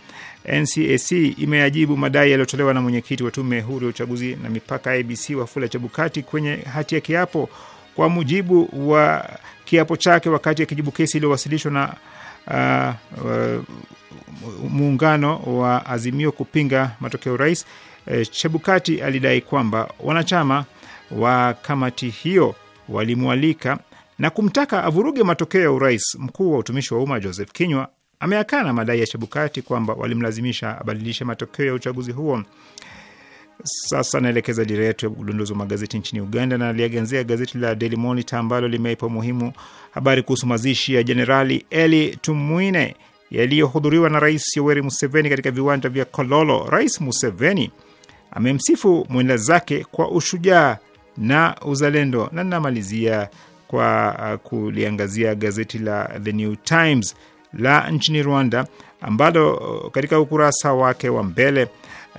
[SPEAKER 3] NCAC imeajibu madai yaliyotolewa na mwenyekiti wa tume huru ya uchaguzi na mipaka IBC Wafula Chebukati kwenye hati ya kiapo kwa mujibu wa kiapo chake wakati akijibu kesi iliyowasilishwa na uh, uh, muungano wa Azimio kupinga matokeo rais Eh, Chebukati alidai kwamba wanachama wa kamati hiyo walimwalika na kumtaka avuruge matokeo ya urais. Mkuu wa utumishi wa umma Joseph Kinywa ameakana madai ya Chebukati kwamba walimlazimisha abadilishe matokeo ya uchaguzi huo. Sasa naelekeza dira yetu ya udondozi wa magazeti nchini Uganda, na aliagazia gazeti la Daily Monitor ambalo limeipa umuhimu habari kuhusu mazishi ya Jenerali Eli Tumwine yaliyohudhuriwa na Rais Yoweri Museveni katika viwanja vya Kololo. Rais Museveni amemsifu mwenda zake kwa ushujaa na uzalendo, na ninamalizia kwa uh, kuliangazia gazeti la The New Times la nchini Rwanda ambalo uh, katika ukurasa wake wa mbele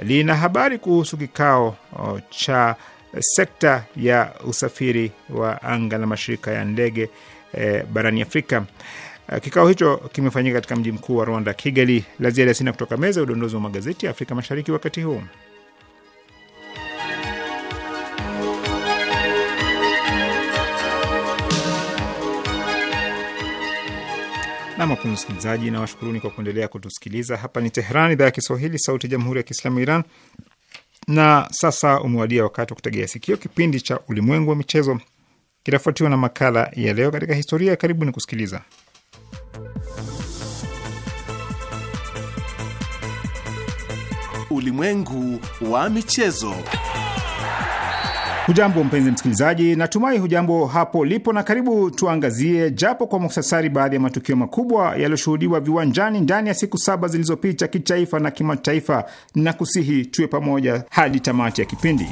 [SPEAKER 3] lina habari kuhusu kikao uh, cha sekta ya usafiri wa anga na mashirika ya ndege eh, barani Afrika. Kikao hicho kimefanyika katika mji mkuu wa Rwanda, Kigali. La ziada sina kutoka meza ya udondozi wa magazeti ya Afrika Mashariki wakati huu. Nam, wapenzi wasikilizaji, na washukuruni kwa kuendelea kutusikiliza. Hapa ni Teheran, idhaa ya Kiswahili, sauti ya jamhuri ya kiislamu ya Iran. Na sasa umewadia wakati wa kutegea sikio kipindi cha ulimwengu wa michezo, kitafuatiwa na makala ya leo katika historia. Karibuni kusikiliza.
[SPEAKER 1] Ulimwengu wa michezo.
[SPEAKER 3] Hujambo mpenzi msikilizaji, natumai hujambo hapo lipo, na karibu tuangazie japo kwa muhtasari baadhi ya matukio makubwa yaliyoshuhudiwa viwanjani ndani ya siku saba zilizopita kitaifa na kimataifa, na kusihi tuwe pamoja hadi tamati ya kipindi.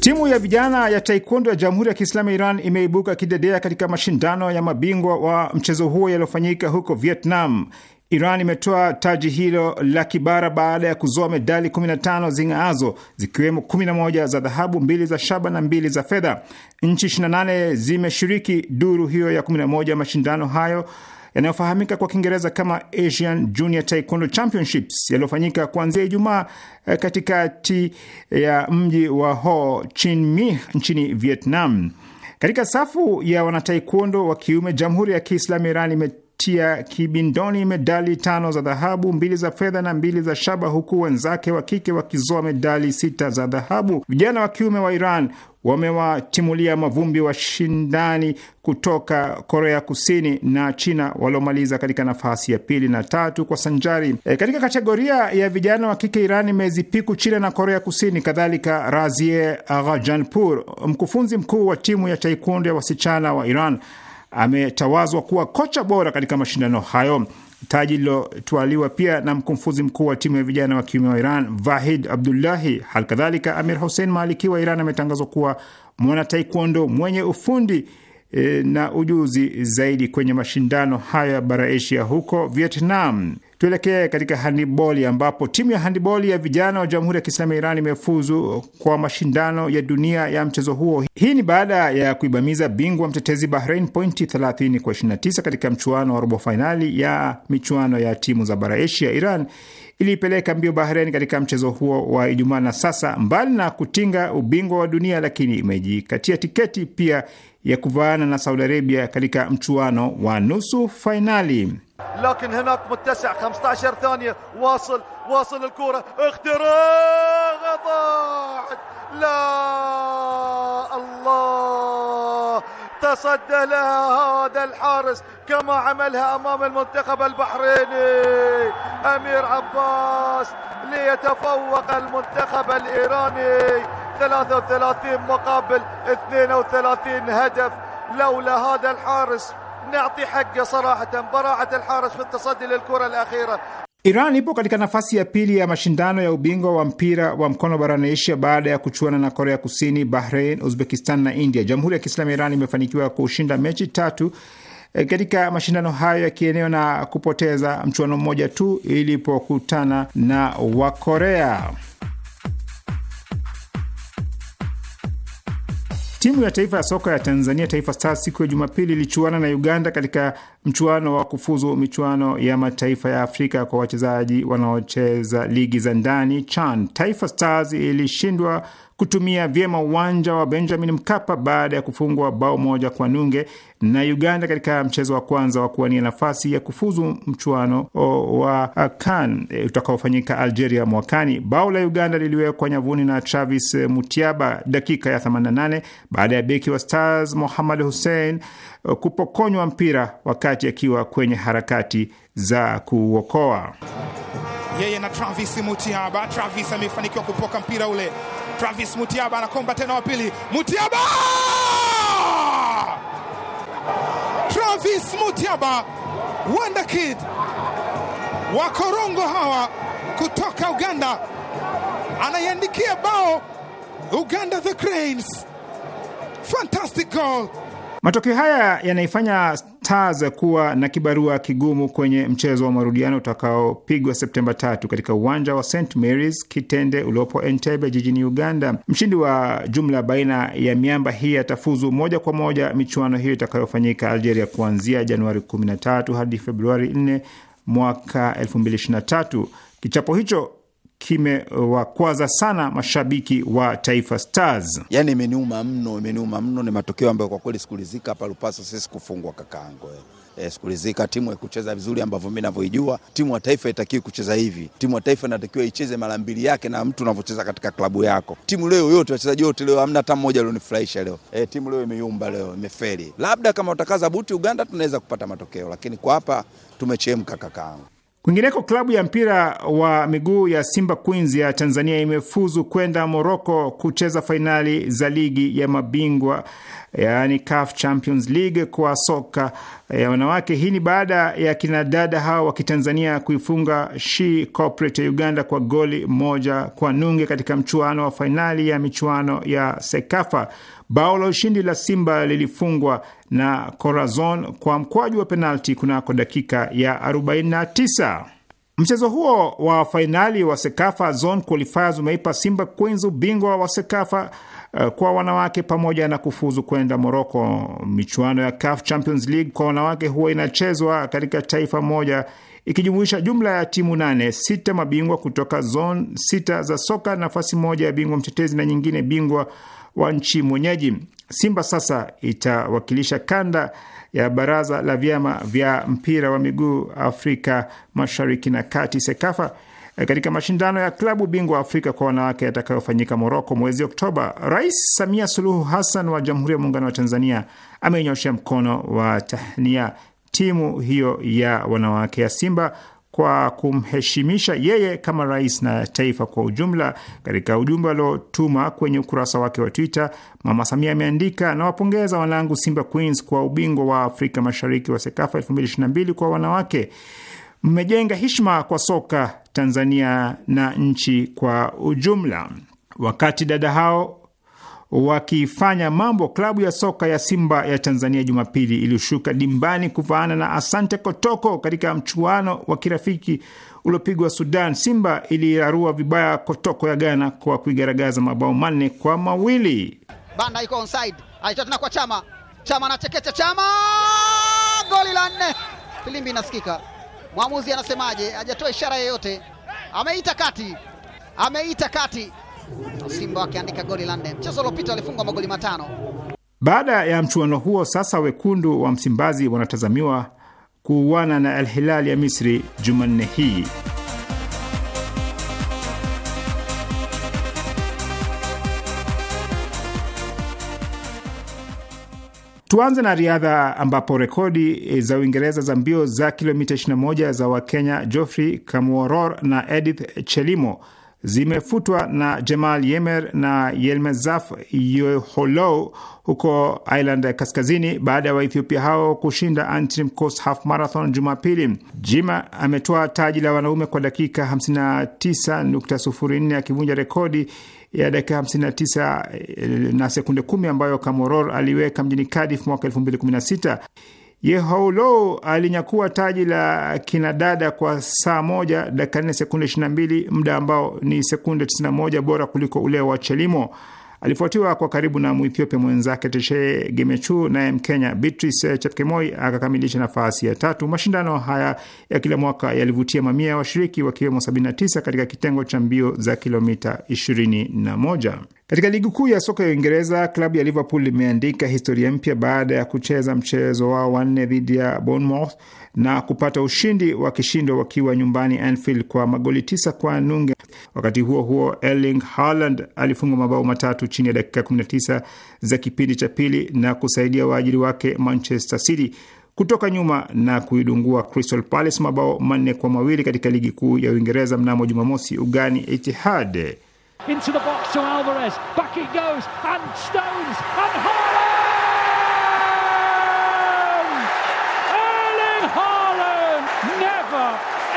[SPEAKER 3] Timu ya vijana ya taekwondo ya Jamhuri ya Kiislamu ya Iran imeibuka kidedea katika mashindano ya mabingwa wa mchezo huo yaliyofanyika huko Vietnam. Iran imetoa taji hilo la kibara baada ya kuzoa medali 15 zing'aazo zikiwemo 11 za dhahabu, mbili za shaba na mbili za fedha. Nchi 28 zimeshiriki duru hiyo ya 11 mashindano hayo yanayofahamika kwa Kiingereza kama Asian Junior Taekwondo Championships yaliyofanyika kuanzia Ijumaa eh, katikati ya mji wa Ho Chi Minh nchini Vietnam. Katika safu ya wanataekwondo wa kiume, Jamhuri ya Kiislamu Iran ime tia kibindoni medali tano za dhahabu, mbili za fedha na mbili za shaba, huku wenzake wa kike wakizoa medali sita za dhahabu. Vijana wa kiume wa Iran wamewatimulia mavumbi washindani kutoka Korea Kusini na China waliomaliza katika nafasi ya pili na tatu kwa sanjari. E, katika kategoria ya vijana wa kike mezi imezipiku China na Korea Kusini. Kadhalika, Razie Aghajanpur, mkufunzi mkuu wa timu ya taekwondo ya wasichana wa Iran ametawazwa kuwa kocha bora katika mashindano hayo, taji lilotwaliwa pia na mkufunzi mkuu wa timu ya vijana wa kiume wa Iran Vahid Abdullahi. Halikadhalika, Amir Hussein Maliki wa Iran ametangazwa kuwa mwanataekwondo mwenye ufundi e, na ujuzi zaidi kwenye mashindano hayo ya bara Asia huko Vietnam. Tuelekee katika handiboli ambapo timu ya handiboli ya vijana wa Jamhuri ya Kiislamu ya Iran imefuzu kwa mashindano ya dunia ya mchezo huo. Hii ni baada ya kuibamiza bingwa mtetezi Bahrain pointi 30 kwa 29 katika mchuano wa robo fainali ya michuano ya timu za bara Asia. Iran iliipeleka mbio Bahrein katika mchezo huo wa Ijumaa, na sasa mbali na kutinga ubingwa wa dunia, lakini imejikatia tiketi pia ya kuvaana na Saudi Arabia katika mchuano wa nusu fainali.
[SPEAKER 1] la Allah تصدى لها هذا الحارس كما عملها امام المنتخب البحريني امير عباس ليتفوق المنتخب الايراني 33 مقابل 32 هدف لولا هذا الحارس نعطي حقه صراحة براعة الحارس في التصدي للكرة الأخيرة
[SPEAKER 3] Iran ipo katika nafasi ya pili ya mashindano ya ubingwa wa mpira wa mkono barani Asia baada ya kuchuana na Korea Kusini, Bahrain, Uzbekistan na India. Jamhuri ya Kiislamu ya Iran imefanikiwa kushinda mechi tatu eh, katika mashindano hayo ya kieneo na kupoteza mchuano mmoja tu ilipokutana na Wakorea. Timu ya taifa ya soka ya Tanzania, Taifa Stars, siku ya Jumapili ilichuana na Uganda katika mchuano wa kufuzu michuano ya mataifa ya Afrika kwa wachezaji wanaocheza ligi za ndani CHAN. Taifa Stars ilishindwa kutumia vyema uwanja wa Benjamin Mkapa baada ya kufungwa bao moja kwa nunge na Uganda katika mchezo wa kwanza wa kuwania nafasi ya kufuzu mchuano wa CAN e, utakaofanyika Algeria mwakani. Bao la Uganda liliwekwa nyavuni na Travis Mutiaba dakika ya 88 baada ya beki wa Stars Mohamed Hussein e, kupokonywa mpira wakati akiwa kwenye harakati za kuuokoa yeye na Travis Mutiaba. Travis amefanikiwa kupoka mpira ule. Travis Mutiaba anakomba tena wa pili. Mutiaba
[SPEAKER 1] Hafiz Mutiaba, Wonder Kid, wakorongo hawa kutoka Uganda, anaiandikia bao Uganda the Cranes. Fantastic goal.
[SPEAKER 3] Matokeo haya yanaifanya Taza kuwa na kibarua kigumu kwenye mchezo wa marudiano utakaopigwa Septemba tatu katika uwanja wa St Mary's Kitende uliopo Entebbe jijini Uganda. Mshindi wa jumla baina ya miamba hii atafuzu moja kwa moja michuano hiyo itakayofanyika Algeria kuanzia Januari 13 hadi Februari 4 mwaka 2023. Kichapo hicho kimewakwaza sana mashabiki wa Taifa Stars. Yani imeniuma mno, imeniuma mno. Ni matokeo ambayo kwa kweli sikulizika hapa Lupaso sisi kufungwa kakaango E, eh. eh, sikulizika timu haikucheza vizuri ambavyo mimi navyoijua. Timu ya taifa itakiwi kucheza hivi. Timu ya taifa inatakiwa icheze mara mbili yake na mtu unavyocheza katika klabu yako. Timu leo yote, wachezaji wote leo, hamna hata mmoja alionifurahisha leo. E, timu leo imeyumba, leo imefeli. Labda kama utakaza buti Uganda tunaweza kupata matokeo, lakini kwa hapa tumechemka kakaangu. Kwingineko, klabu ya mpira wa miguu ya Simba Queens ya Tanzania imefuzu kwenda Moroko kucheza fainali za ligi ya mabingwa yaani CAF Champions League kwa soka ya e, wanawake. Hii ni baada ya kinadada hao wa Kitanzania kuifunga She Corporate ya Uganda kwa goli moja kwa nunge katika mchuano wa fainali ya michuano ya Sekafa. Bao la ushindi la Simba lilifungwa na Corazon kwa mkwaju wa penalti kunako dakika ya 49. Mchezo huo wa fainali wa Sekafa Zone Qualifiers umeipa Simba Queens ubingwa wa Sekafa eh, kwa wanawake pamoja na kufuzu kwenda Moroko. Michuano ya CAF Champions League kwa wanawake huwa inachezwa katika taifa moja ikijumuisha jumla ya timu nane, sita mabingwa kutoka zone sita za soka, nafasi moja ya bingwa mtetezi na nyingine bingwa wa nchi mwenyeji. Simba sasa itawakilisha kanda ya baraza la vyama vya mpira wa miguu Afrika Mashariki na Kati, SEKAFA, katika mashindano ya klabu bingwa Afrika kwa wanawake yatakayofanyika Moroko mwezi Oktoba. Rais Samia Suluhu Hassan wa Jamhuri ya Muungano wa Tanzania amenyoshea mkono wa tahnia timu hiyo ya wanawake ya Simba kwa kumheshimisha yeye kama rais na taifa kwa ujumla. Katika ujumbe aliotuma kwenye ukurasa wake wa Twitter, Mama Samia ameandika, nawapongeza wanangu Simba Queens kwa ubingwa wa Afrika Mashariki wa SEKAFA 2022 kwa wanawake. Mmejenga heshima kwa soka Tanzania na nchi kwa ujumla. Wakati dada hao wakifanya mambo, klabu ya soka ya Simba ya Tanzania Jumapili ilishuka dimbani kuvaana na Asante Kotoko katika mchuano wa kirafiki uliopigwa Sudan. Simba iliarua vibaya Kotoko ya Ghana kwa kuigaragaza mabao manne kwa mawili.
[SPEAKER 5] Banda iko
[SPEAKER 4] onside, alitoa tena kwa Chama. Chama anachekecha, Chama goli la nne, filimbi inasikika. Mwamuzi anasemaje? Hajatoa ishara yoyote, ameita kati, ameita kati Simba wakiandika goli la nne. Mchezo uliopita walifungwa magoli matano.
[SPEAKER 3] Baada ya mchuano huo, sasa wekundu wa Msimbazi wanatazamiwa kuuana na Al Hilal ya Misri Jumanne hii. Tuanze na riadha ambapo rekodi za Uingereza za mbio za kilomita 21 za Wakenya Geoffrey Kamworor na Edith Chelimo zimefutwa na Jemal Yemer na Yelmezaf Yeholou huko Ireland ya Kaskazini baada ya wa Waethiopia hao kushinda Antrim Coast Half Marathon Jumapili. Jima ametoa taji la wanaume kwa dakika 59.04 akivunja rekodi ya dakika 59 eh, na sekunde kumi ambayo Kamoror aliweka mjini Cardiff mwaka 2016 yehoulou alinyakua taji la kinadada kwa saa moja dakika nne sekunde 22, muda ambao ni sekunde 91 bora kuliko ule wa Chelimo. Alifuatiwa kwa karibu na muethiopia mwenzake Teshe Gemechu, naye Mkenya Beatrice Chepkemoi akakamilisha nafasi ya tatu. Mashindano haya ya kila mwaka yalivutia mamia ya washiriki wakiwemo 79 katika kitengo cha mbio za kilomita 21. Katika ligi kuu ya soka ya Uingereza, klabu ya Liverpool limeandika historia mpya baada ya kucheza mchezo wao wanne dhidi ya Bournemouth na kupata ushindi wa kishindo wakiwa nyumbani Anfield kwa magoli tisa kwa nunge. Wakati huo huo, Erling Haaland alifunga mabao matatu chini ya dakika 19 za kipindi cha pili na kusaidia waajiri wake Manchester City kutoka nyuma na kuidungua Crystal Palace mabao manne kwa mawili katika ligi kuu ya Uingereza mnamo Jumamosi ugani Etihad.
[SPEAKER 2] Into the box to Alvarez. Back it goes. And Stones. And Haaland! Erling Haaland! Never,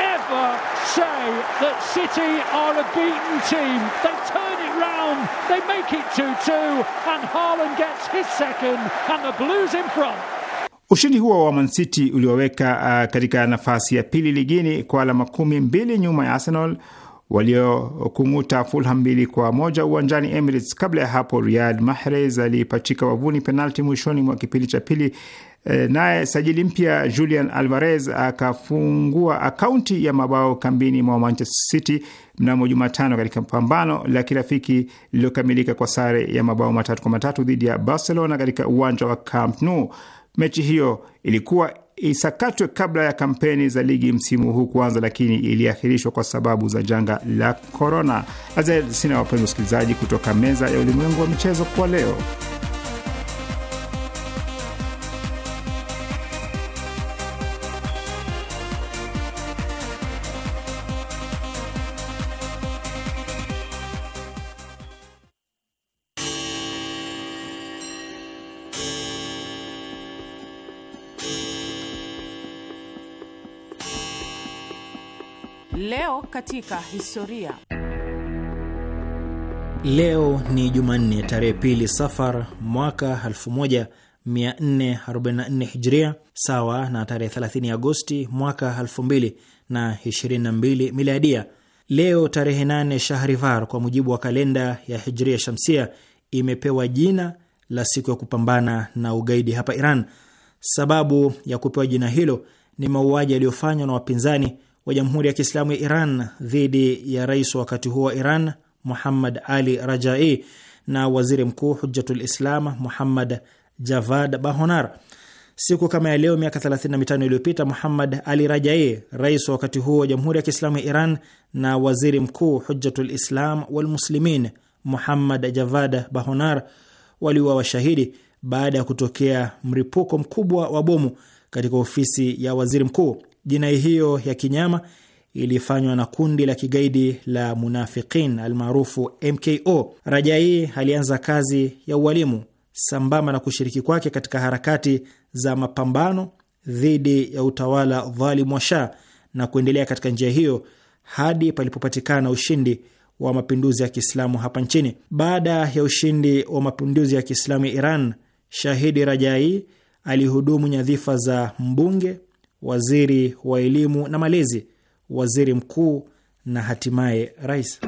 [SPEAKER 2] ever say that City are a beaten team. They turn it round. They make it 2-2. And Haaland gets his second. And the Blues in front.
[SPEAKER 3] Ushindi huo wa Man City uliwaweka uh, katika nafasi ya pili ligini kwa alama kumi mbili nyuma ya Arsenal waliokung'uta Fulham mbili kwa moja uwanjani Emirates. Kabla ya hapo, Riyad Mahrez alipachika wavuni penalti mwishoni mwa kipindi cha pili. E, naye sajili mpya Julian Alvarez akafungua akaunti ya mabao kambini mwa Manchester City mnamo Jumatano katika pambano la kirafiki lililokamilika kwa sare ya mabao matatu kwa matatu dhidi ya Barcelona katika uwanja wa Camp Nou. Mechi hiyo ilikuwa isakatwe kabla ya kampeni za ligi msimu huu kuanza, lakini iliahirishwa kwa sababu za janga la korona. Sina wapenda wasikilizaji, kutoka meza ya ulimwengu wa michezo kwa leo.
[SPEAKER 2] katika historia.
[SPEAKER 4] Leo ni Jumanne tarehe pili Safar mwaka 1444 Hijria, sawa na tarehe 30 Agosti mwaka 2022 Miladia. Leo tarehe 8 Shahrivar kwa mujibu wa kalenda ya Hijria Shamsia imepewa jina la siku ya kupambana na ugaidi hapa Iran. Sababu ya kupewa jina hilo ni mauaji yaliyofanywa na wapinzani wa Jamhuri ya Kiislamu ya Iran dhidi ya rais wa wakati huo wa Iran Muhammad Ali Rajai na waziri mkuu Hujjatul Islam Muhammad Javad Bahonar. Siku kama ya leo miaka 35 iliyopita, Muhammad Ali Rajai, rais wa wakati huo wa Jamhuri ya Kiislamu ya Iran na waziri mkuu Hujjatul Islam Walmuslimin Muhammad Javad Bahonar waliuawa washahidi baada ya kutokea mripuko mkubwa wa bomu katika ofisi ya waziri mkuu. Jinai hiyo ya kinyama ilifanywa na kundi la kigaidi la Munafiqin almaarufu MKO. Rajai alianza kazi ya ualimu sambamba na kushiriki kwake katika harakati za mapambano dhidi ya utawala dhalimu wa Shah na kuendelea katika njia hiyo hadi palipopatikana ushindi wa mapinduzi ya Kiislamu hapa nchini. Baada ya ushindi wa mapinduzi ya Kiislamu ya Iran, Shahidi Rajai alihudumu nyadhifa za mbunge waziri wa elimu na malezi, waziri mkuu na hatimaye rais.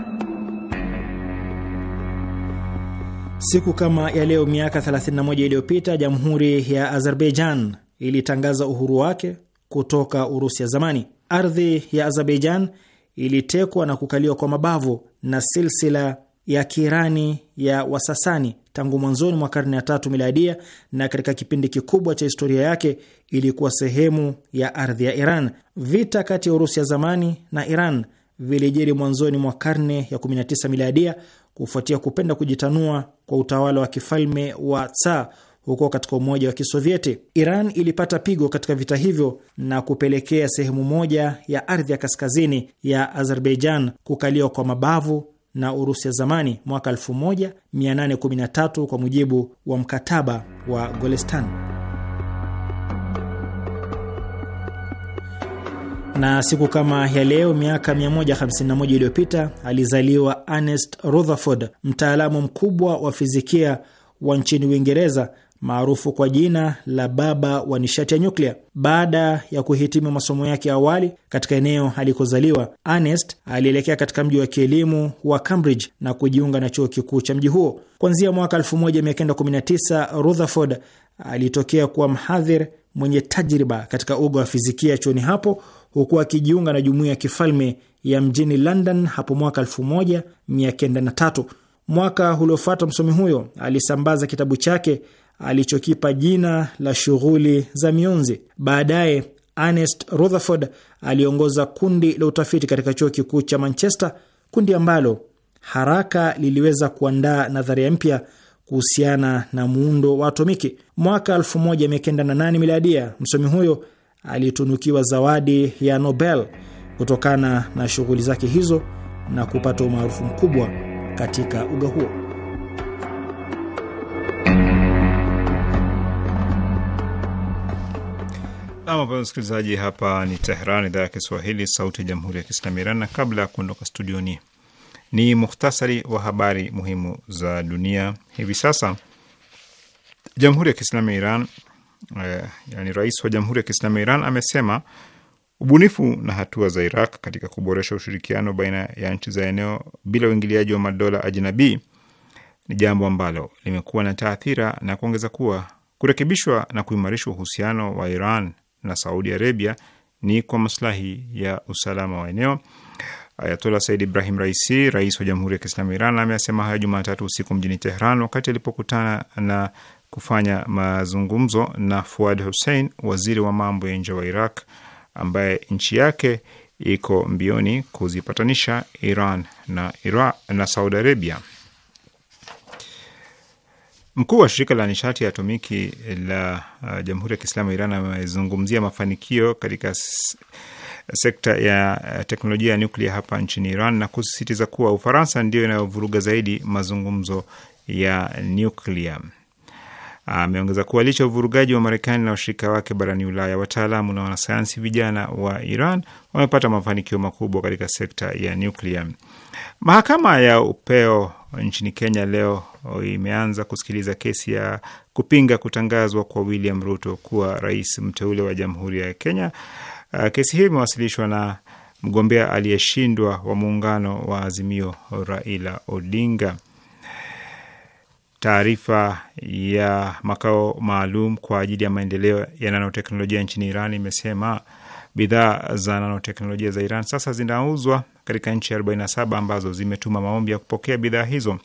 [SPEAKER 4] Siku kama ya leo miaka 31 iliyopita jamhuri ya Azerbaijan ilitangaza uhuru wake kutoka Urusi ya zamani. Ardhi ya Azerbaijan ilitekwa na kukaliwa kwa mabavu na silsila ya Kirani ya Wasasani tangu mwanzoni mwa karne ya tatu miladia, na katika kipindi kikubwa cha historia yake ilikuwa sehemu ya ardhi ya Iran. Vita kati ya Urusi ya zamani na Iran vilijiri mwanzoni mwa karne ya 19 miladia kufuatia kupenda kujitanua kwa utawala wa kifalme wa tsa huko katika Umoja wa Kisovieti. Iran ilipata pigo katika vita hivyo na kupelekea sehemu moja ya ardhi ya kaskazini ya Azerbaijan kukaliwa kwa mabavu na Urusi ya zamani mwaka 1813 kwa mujibu wa mkataba wa Golestan. na siku kama ya leo miaka 151 iliyopita alizaliwa Ernest Rutherford, mtaalamu mkubwa wa fizikia wa nchini Uingereza maarufu kwa jina la baba wa nishati ya nyuklia. Baada ya kuhitimu masomo yake ya awali katika eneo alikozaliwa, Ernest alielekea katika mji wa kielimu wa Cambridge na kujiunga na chuo kikuu cha mji huo. Kuanzia mwaka 1919 Rutherford alitokea kuwa mhadhir mwenye tajriba katika uga wa fizikia chuoni hapo huku akijiunga na jumuiya ya kifalme ya mjini London hapo mwaka 1903. Mwaka uliofuata msomi huyo alisambaza kitabu chake alichokipa jina la shughuli za mionzi. Baadaye Ernest Rutherford aliongoza kundi la utafiti katika chuo kikuu cha Manchester, kundi ambalo haraka liliweza kuandaa nadharia mpya kuhusiana na muundo wa atomiki. Mwaka 1908 miladia, msomi huyo alitunukiwa zawadi ya Nobel kutokana na shughuli zake hizo na kupata umaarufu mkubwa katika uga huo.
[SPEAKER 3] Namwapea msikilizaji, hapa ni Teheran, idhaa ya Kiswahili, sauti ya jamhuri ya kiislamu Iran. Na kabla ya kuondoka studioni, ni muhtasari wa habari muhimu za dunia hivi sasa. Jamhuri ya Kiislamu ya Iran eh, yani rais wa Jamhuri ya Kiislamu ya Iran amesema ubunifu na hatua za Iraq katika kuboresha ushirikiano baina ya nchi za eneo bila uingiliaji wa madola ajnabii ni jambo ambalo limekuwa na taathira na kuongeza kuwa kurekebishwa na kuimarishwa uhusiano wa Iran na Saudi Arabia ni kwa maslahi ya usalama wa eneo. Ayatola Said Ibrahim Raisi, rais wa Jamhuri ya Kiislamu Iran, amesema hayo Jumatatu usiku mjini Tehran wakati alipokutana na kufanya mazungumzo na Fuad Hussein, waziri wa mambo ya nje wa Iraq, ambaye nchi yake iko mbioni kuzipatanisha Iran na, Ira, na Saudi Arabia. Mkuu wa shirika la nishati ya atomiki la uh, Jamhuri ya Kiislamu ya Iran amezungumzia mafanikio katika sekta ya uh, teknolojia ya nuklia hapa nchini Iran na kusisitiza kuwa Ufaransa ndiyo inayovuruga zaidi mazungumzo ya nuklia. Ameongeza kuwa licha ya uvurugaji wa Marekani na washirika wake barani Ulaya, wataalamu na wanasayansi vijana wa Iran wamepata mafanikio makubwa katika sekta ya nuklia. Mahakama ya upeo nchini Kenya leo oh, imeanza kusikiliza kesi ya kupinga kutangazwa kwa William Ruto kuwa rais mteule wa Jamhuri ya Kenya. Ah, kesi hiyo imewasilishwa na mgombea aliyeshindwa wa muungano wa Azimio, Raila Odinga. Taarifa ya makao maalum kwa ajili ya maendeleo ya nanoteknolojia nchini Iran imesema bidhaa za nanoteknolojia za Iran sasa zinauzwa katika nchi 47 ambazo zimetuma maombi ya kupokea bidhaa hizo.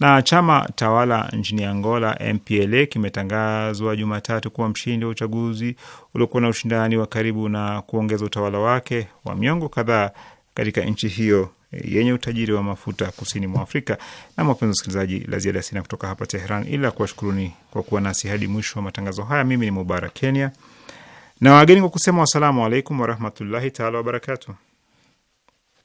[SPEAKER 3] Na chama tawala nchini Angola, MPLA, kimetangazwa Jumatatu kuwa mshindi wa uchaguzi uliokuwa na ushindani wa karibu na kuongeza utawala wake wa miongo kadhaa katika nchi hiyo yenye utajiri wa mafuta kusini mwa Afrika. Na wapenzi wasikilizaji, la ziada sina kutoka hapa Teheran ila kuwashukuruni kwa kuwa nasi hadi mwisho wa matangazo haya. Mimi ni Mubarak Kenya na wageni kwa kusema wassalamu alaikum warahmatullahi taala wabarakatu.